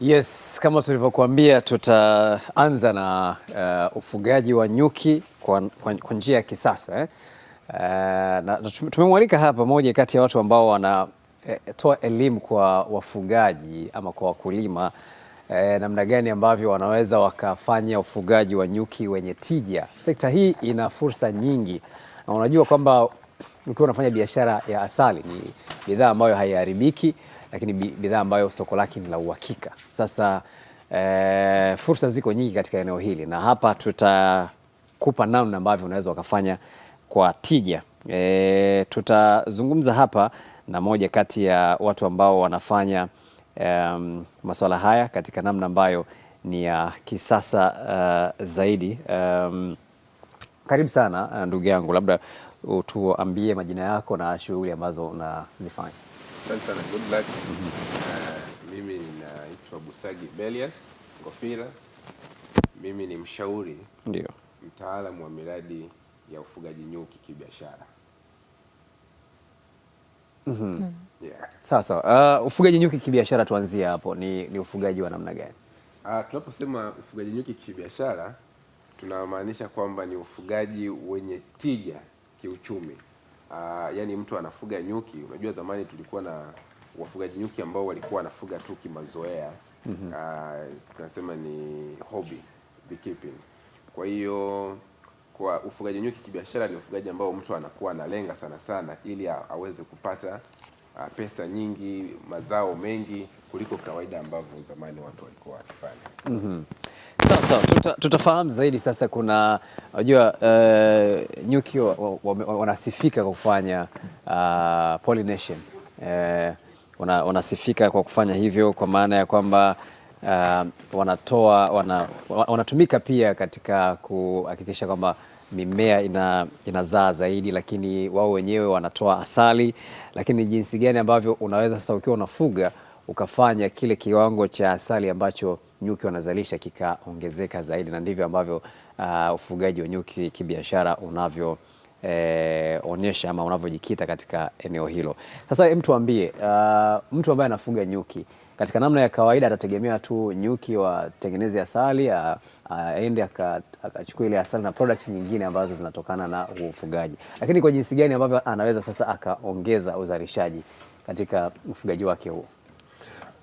Yes, kama tulivyokuambia tutaanza na uh, ufugaji wa nyuki kwa, kwa, njia ya kisasa eh. Uh, na, na tumemwalika hapa moja kati ya watu ambao wanatoa eh, elimu kwa wafugaji ama kwa wakulima eh, namna gani ambavyo wanaweza wakafanya ufugaji wa nyuki wenye tija. Sekta hii ina fursa nyingi, na unajua kwamba ukiwa unafanya biashara ya asali, ni bidhaa ambayo haiharibiki lakini bidhaa ambayo soko lake ni la uhakika. Sasa e, fursa ziko nyingi katika eneo hili na hapa tutakupa namna ambavyo unaweza ukafanya kwa tija. E, tutazungumza hapa na moja kati ya watu ambao wanafanya um, masuala haya katika namna ambayo ni ya kisasa uh, zaidi. Um, karibu sana ndugu yangu, labda utuambie majina yako na shughuli ambazo unazifanya. Asante sana, good luck. Uh, mimi ninaitwa Busagi Belias Ngofira. Mimi ni mshauri ndio mtaalamu wa miradi ya ufugaji nyuki kibiashara. mm -hmm. Yeah. Sasa uh, ufugaji nyuki kibiashara, tuanzie hapo. Ni, ni ufugaji wa namna gani? Uh, tunaposema ufugaji nyuki kibiashara tunamaanisha kwamba ni ufugaji wenye tija kiuchumi uh, ah, yani mtu anafuga nyuki. Unajua zamani tulikuwa na wafugaji nyuki ambao walikuwa wanafuga tu kimazoea mm -hmm. uh, tunasema ni hobby beekeeping. Kwa hiyo kwa ufugaji nyuki kibiashara ni ufugaji ambao mtu anakuwa analenga sana sana ili aweze kupata uh, pesa nyingi, mazao mengi kuliko kawaida ambavyo zamani watu walikuwa wakifanya. mm -hmm. Sawa sawa, tuta, tutafahamu zaidi sasa. Kuna unajua uh, nyuki wanasifika kwa kufanya uh, pollination uh, wanasifika kwa kufanya hivyo kwa maana ya kwamba uh, wanatoa wana, pia katika kuhakikisha kwamba mimea ina, inazaa zaidi, lakini wao wenyewe wanatoa asali. Lakini jinsi gani ambavyo unaweza sasa ukiwa unafuga ukafanya kile kiwango cha asali ambacho nyuki wanazalisha kikaongezeka zaidi, na ndivyo ambavyo uh, ufugaji wa nyuki kibiashara unavyo E, onyesha ama unavyojikita katika eneo hilo. Sasa hem, tuambie uh, mtu ambaye anafuga nyuki katika namna ya kawaida atategemea tu nyuki watengeneze asali, aende akachukua ile asali na product nyingine ambazo zinatokana na ufugaji, lakini kwa jinsi gani ambavyo anaweza sasa akaongeza uzalishaji katika ufugaji wake huo?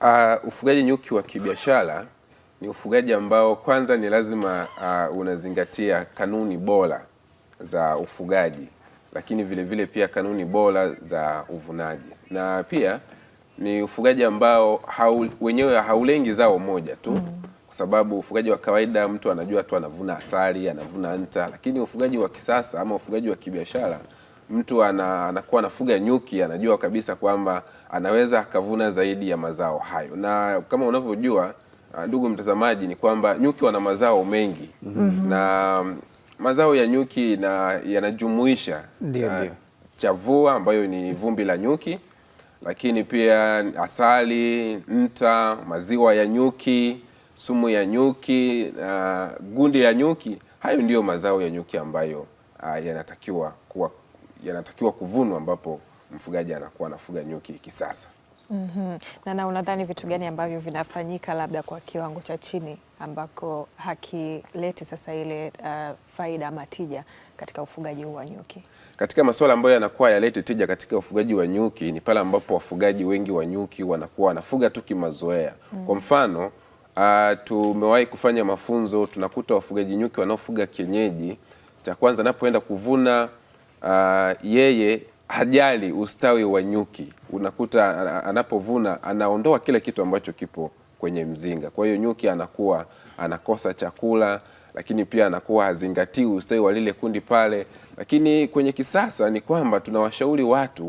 Uh, ufugaji nyuki wa kibiashara ni ufugaji ambao kwanza ni lazima uh, unazingatia kanuni bora za ufugaji, lakini vile vile pia kanuni bora za uvunaji, na pia ni ufugaji ambao haul, wenyewe haulengi zao moja tu mm. Kwa sababu ufugaji wa kawaida mtu anajua tu anavuna asali, anavuna nta, lakini ufugaji wa kisasa ama ufugaji wa kibiashara mtu anakuwa anafuga nyuki, anajua kabisa kwamba anaweza akavuna zaidi ya mazao hayo, na kama unavyojua ah, ndugu mtazamaji, ni kwamba nyuki wana mazao mengi mhm. mm -hmm. na mazao ya nyuki na yanajumuisha ah, chavua ambayo ni vumbi la nyuki, lakini pia asali, nta, maziwa ya nyuki, sumu ya nyuki na gundi ya nyuki. Hayo ndiyo mazao ya nyuki ambayo ah, yanatakiwa kuwa yanatakiwa kuvunwa ambapo mfugaji anakuwa anafuga nyuki kisasa. mm -hmm. Na na unadhani vitu gani ambavyo vinafanyika labda kwa kiwango cha chini ambako hakileti sasa ile uh, faida ama tija katika ufugaji huu wa nyuki? Katika masuala ambayo yanakuwa yalete tija katika ufugaji wa nyuki ni pale ambapo wafugaji wengi wa nyuki wanakuwa wanafuga tu kimazoea. mm -hmm. Kwa mfano uh, tumewahi kufanya mafunzo, tunakuta wafugaji nyuki wanaofuga kienyeji, cha kwanza anapoenda kuvuna uh, yeye hajali ustawi wa nyuki. Unakuta anapovuna anaondoa kile kitu ambacho kipo kwenye mzinga, kwa hiyo nyuki anakuwa anakosa chakula, lakini pia anakuwa hazingatii ustawi wa lile kundi pale. Lakini kwenye kisasa ni kwamba tunawashauri watu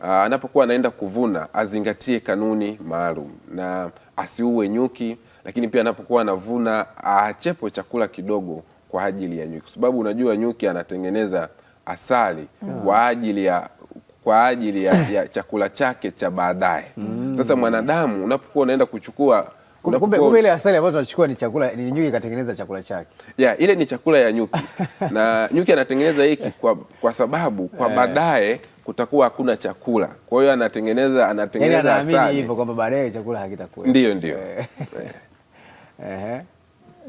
uh, anapokuwa anaenda kuvuna azingatie kanuni maalum na asiue nyuki, lakini pia anapokuwa anavuna achepo chakula kidogo kwa ajili ya nyuki, kwa sababu unajua nyuki anatengeneza asali mm. kwa ajili ya kwa ajili ya, ya chakula chake cha baadaye mm. Sasa mwanadamu unapokuwa unaenda kuchukua Kumbe kumbe ile asali ambayo tunachukua ni chakula ni nyuki katengeneza chakula chake. Yeah, ile ni chakula ya nyuki. Na nyuki anatengeneza hiki kwa, kwa sababu kwa eh. baadaye kutakuwa hakuna chakula. Kwa hiyo anatengeneza yaani anatengeneza yani, asali. Anaamini hivyo kwamba baadaye chakula hakitakuwa. Ndio ndio. Ehe. Eh.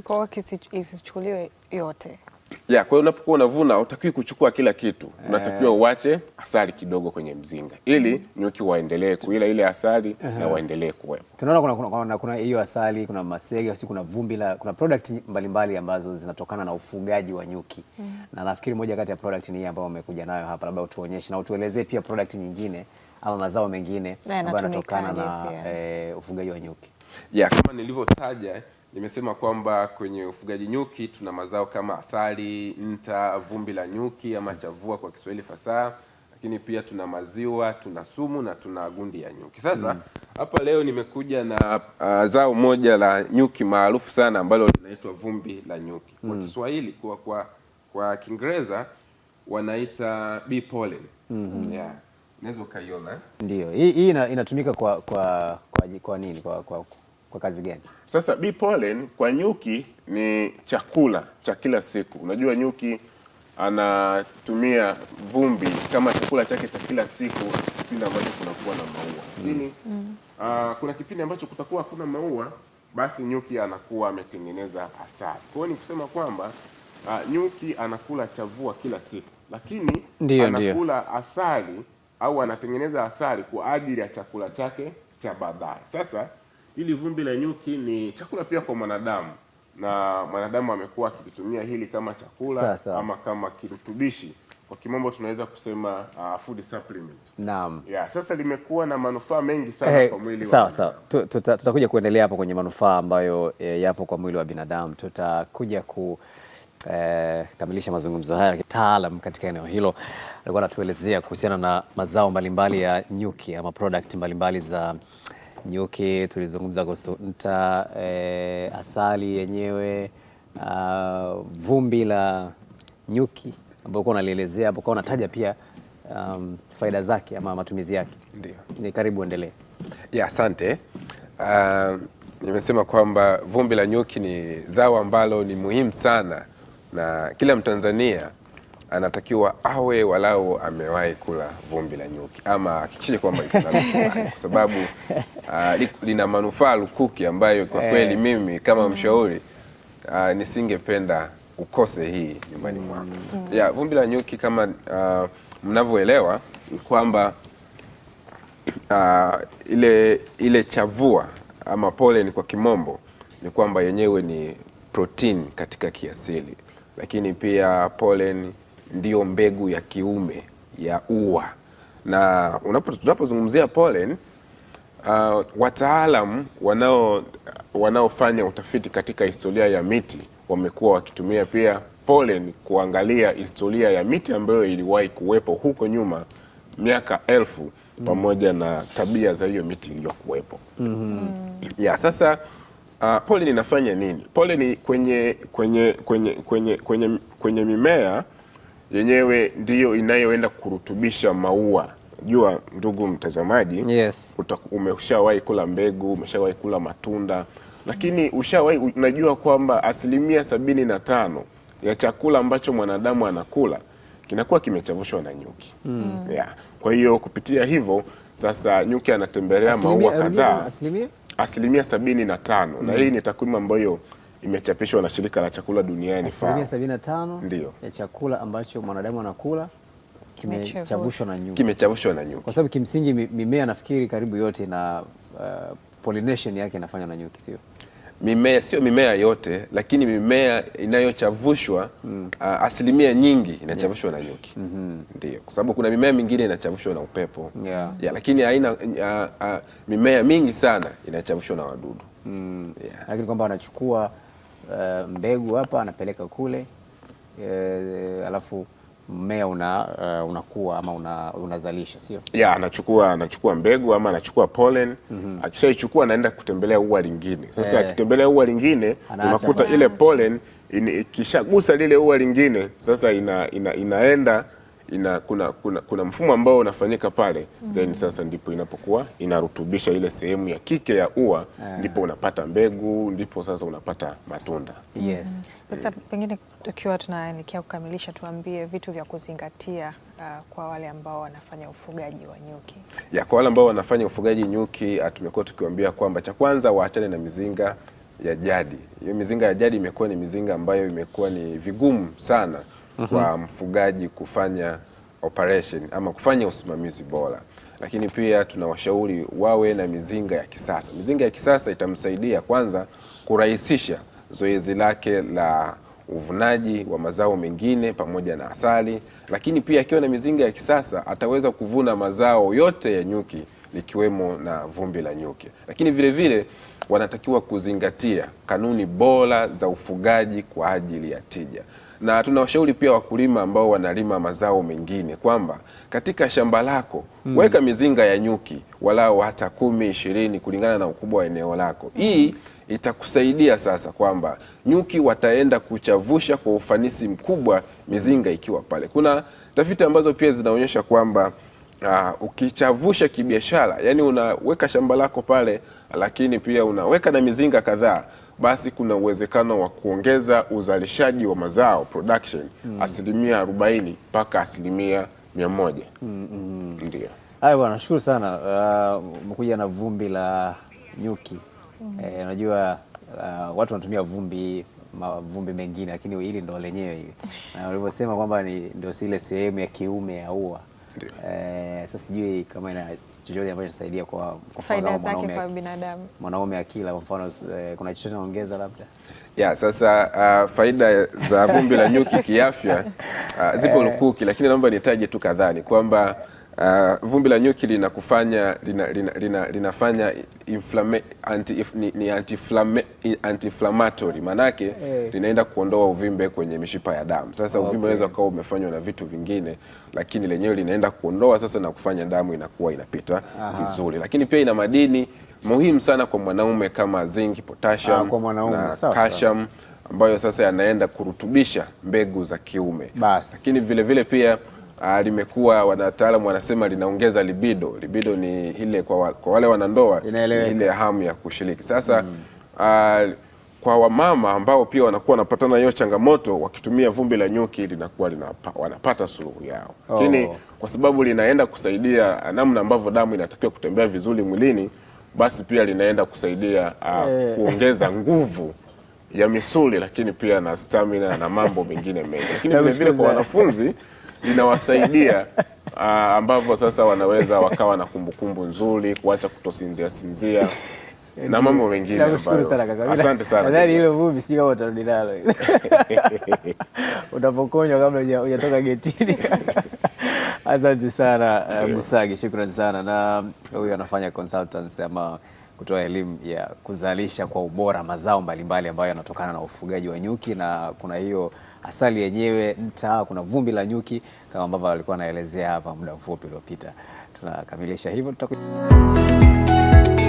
Kwa hiyo isichukuliwe yote ya kwa hiyo unapokuwa unavuna utakiwi kuchukua kila kitu, eh. unatakiwa uwache asali kidogo kwenye mzinga ili mhm. nyuki waendelee kuila ile asali na eh. waendelee kuwepo. Tunaona kuna hiyo kuna, kuna, asali kuna masege, si kuna vumbi la kuna product mbalimbali mbali ambazo zinatokana na ufugaji wa nyuki mm. na nafikiri moja kati ya product ni hii ambayo umekuja nayo hapa, labda utuonyeshe na utuelezee pia product nyingine ama mazao mengine ambayo yanatokana na, na, e, eh, ufugaji wa nyuki ya kama nilivyotaja nimesema kwamba kwenye ufugaji nyuki tuna mazao kama asali, nta, vumbi la nyuki ama chavua kwa Kiswahili fasaha, lakini pia tuna maziwa, tuna sumu na tuna gundi ya nyuki. Sasa hmm. hapa mm, leo nimekuja na uh, zao moja la nyuki maarufu sana ambalo linaitwa vumbi la nyuki kwa mm, Kiswahili kwa kwa kwa Kiingereza wanaita bee pollen. Mm -hmm. Yeah. Unaweza ukaiona. Ndio. Hii hii inatumika kwa kwa kwa, kwa nini? Kwa kwa kwa kazi gani? Sasa bee pollen kwa nyuki ni chakula cha kila siku. Unajua nyuki anatumia vumbi kama chakula chake cha kila siku kipindi ambacho kunakuwa na maua. Mm. Lakini mm. uh, kuna kipindi ambacho kutakuwa hakuna maua, basi nyuki anakuwa ametengeneza asali. Kwa hiyo ni kusema kwamba uh, nyuki anakula chavua kila siku, lakini ndiyo, anakula ndiyo. asali au anatengeneza asali kwa ajili ya chakula chake cha baadaye. Sasa Hili vumbi la nyuki ni chakula pia kwa mwanadamu, na mwanadamu amekuwa akilitumia hili kama chakula sa, sa. ama kama kirutubishi kwa kimombo tunaweza kusema uh, food supplement. Naam. Yeah, sasa limekuwa na manufaa mengi sana hey, eh, kwa mwili sawa sawa. Tutakuja kuendelea hapo kwenye manufaa ambayo e, yapo kwa mwili wa binadamu. Tutakuja eh, kukamilisha e, mazungumzo haya kitaalam katika eneo hilo. Alikuwa anatuelezea kuhusiana na mazao mbalimbali ya nyuki ama product mbalimbali za nyuki, tulizungumza kuhusu nta, e, asali yenyewe, ah, vumbi la nyuki ambao unalielezea hapo, unataja pia um, faida zake ama matumizi yake. Ndio. Ni karibu endelee. Ya, asante. Uh, nimesema kwamba vumbi la nyuki ni zao ambalo ni muhimu sana na kila Mtanzania anatakiwa awe walau amewahi kula vumbi la nyuki ama hakikishe kwamba kwa sababu uh, lina manufaa lukuki ambayo kwa eh. kweli mimi kama mm-hmm. mshauri uh, nisingependa ukose hii nyumbani mm-hmm. mwako. Mm-hmm. Yeah, vumbi la nyuki kama uh, mnavyoelewa kwamba uh, ile, ile chavua ama pollen kwa kimombo ni kwamba yenyewe ni protein katika kiasili, lakini pia pollen ndiyo mbegu ya kiume ya ua, na tunapozungumzia pollen uh, wataalam wanao wanaofanya utafiti katika historia ya miti wamekuwa wakitumia pia pollen kuangalia historia ya miti ambayo iliwahi kuwepo huko nyuma miaka elfu mm. pamoja na tabia za hiyo miti iliyokuwepo mm -hmm. ya sasa uh, pollen inafanya nini? Pollen kwenye, kwenye, kwenye, kwenye, kwenye mimea yenyewe ndiyo inayoenda kurutubisha maua. Jua ndugu mtazamaji, yes. Umeshawahi kula mbegu, umeshawahi kula matunda, lakini ushawahi unajua kwamba asilimia sabini na tano ya chakula ambacho mwanadamu anakula kinakuwa kimechavushwa na nyuki mm. yeah. Kwa hiyo kupitia hivyo sasa nyuki anatembelea maua kadhaa, asilimia sabini na tano mm. na hii ni takwimu ambayo imechapishwa na shirika la chakula duniani FAO. ya chakula ambacho mwanadamu anakula kimechavushwa na nyuki. Kimechavushwa na nyuki. Kwa sababu kimsingi mimea nafikiri karibu yote na uh, pollination yake inafanywa na nyuki sio? Mimea sio mimea yote, lakini mimea inayochavushwa mm. uh, asilimia nyingi inachavushwa yeah. na nyuki mm -hmm. Ndio, kwa sababu kuna mimea mingine inachavushwa na upepo yeah. Yeah, lakini aina uh, uh, mimea mingi sana inachavushwa na wadudu mm. yeah. Lakini kwamba wanachukua Eh, mbegu hapa anapeleka kule uh, alafu mmea una uh, eh, unakuwa ama una, unazalisha sio? Yeah, anachukua anachukua mbegu ama anachukua pollen mm -hmm. Akishaichukua anaenda kutembelea ua lingine sasa eh. Akitembelea ua lingine unakuta ile pollen ikishagusa lile ua lingine sasa ina, ina, inaenda ina, kuna, kuna, kuna mfumo ambao unafanyika pale mm. Then mm-hmm. sasa ndipo inapokuwa inarutubisha ile sehemu ya kike ya ua ah. Ndipo unapata mbegu, ndipo sasa unapata matunda yes. mm. Sasa pengine tukiwa tunaelekea kukamilisha, tuambie vitu vya kuzingatia uh, kwa wale ambao wanafanya ufugaji wa nyuki ya, kwa wale ambao wanafanya ufugaji nyuki ah, tumekuwa tukiwaambia kwamba cha kwanza waachane na mizinga ya jadi. Hiyo mizinga ya jadi imekuwa ni mizinga ambayo imekuwa ni vigumu sana mm -hmm. kwa mfugaji kufanya operation ama kufanya usimamizi bora, lakini pia tunawashauri wawe na mizinga ya kisasa. Mizinga ya kisasa itamsaidia kwanza kurahisisha zoezi lake la uvunaji wa mazao mengine pamoja na asali, lakini pia akiwa na mizinga ya kisasa ataweza kuvuna mazao yote ya nyuki likiwemo na vumbi la nyuki. Lakini vile vile wanatakiwa kuzingatia kanuni bora za ufugaji kwa ajili ya tija na tunawashauri pia wakulima ambao wanalima mazao mengine kwamba katika shamba lako mm. weka mizinga ya nyuki walao hata kumi ishirini kulingana na ukubwa wa eneo lako. Hii mm. itakusaidia sasa kwamba nyuki wataenda kuchavusha kwa ufanisi mkubwa mizinga ikiwa pale. Kuna tafiti ambazo pia zinaonyesha kwamba Uh, ukichavusha kibiashara, yani unaweka shamba lako pale, lakini pia unaweka na mizinga kadhaa, basi kuna uwezekano wa kuongeza uzalishaji wa mazao production mm. asilimia 40 mpaka asilimia 100 mm -mm. Ndio haya bwana, nashukuru sana uh, umekuja uh, na vumbi la nyuki hmm. eh, unajua mm. eh, uh, watu wanatumia vumbi mavumbi mengine, lakini hili ndo lenyewe hili na walivyosema kwamba ndio ile sehemu ya kiume ya ua Eh, sasa sijui kama ina chochote ambacho inasaidia kwa faida zake kwa binadamu. Mwanaume akila kwa mfano eh, kuna chochote naongeza labda ya sasa uh, faida za vumbi la nyuki kiafya uh, zipo eh. lukuki, lakini naomba nitaje tu kadhaa ni kwamba Uh, vumbi la nyuki linakufanya lina, lina, lina, linafanya inflame, anti, ni, ni anti-inflammatory maanake hey. Eh. Linaenda kuondoa uvimbe kwenye mishipa ya damu. Sasa okay. Uvimbe unaweza ukawa umefanywa na vitu vingine, lakini lenyewe linaenda kuondoa sasa na kufanya damu inakuwa inapita Aha. vizuri, lakini pia ina madini muhimu sana kwa mwanaume kama zinc, potassium ah, na calcium ambayo sasa yanaenda kurutubisha mbegu za kiume Bas. Lakini vilevile vile pia uh, limekuwa wanataalamu wanasema linaongeza libido. Libido ni ile kwa, wa, kwa wale wanandoa ile hamu ya kushiriki. Sasa mm. uh, kwa wamama ambao pia wanakuwa wanapatana hiyo changamoto, wakitumia vumbi la nyuki linakuwa linapa, wanapata suluhu yao, lakini oh. kwa sababu linaenda kusaidia namna ambavyo damu inatakiwa kutembea vizuri mwilini, basi pia linaenda kusaidia uh, yeah. Eh. kuongeza nguvu ya misuli, lakini pia na stamina na mambo mengine mengi, lakini vilevile kwa wanafunzi inawasaidia uh, ambavyo sasa wanaweza wakawa na kumbukumbu nzuri, kuacha kutosinzia sinzia na mambo mengine. Nakushukuru sana kaka. Asante sana. Nadhani hilo vumbi si kama utarudi nalo. Utapokonywa kabla hujatoka getini. Asante sana eh, Musagi, shukrani sana na huyu anafanya consultants ama kutoa elimu ya kuzalisha kwa ubora mazao mbalimbali ambayo yanatokana na ufugaji wa nyuki, na kuna hiyo asali yenyewe nta, kuna vumbi la nyuki kama ambavyo alikuwa anaelezea hapa muda mfupi uliopita. Tunakamilisha hivyo tutakuja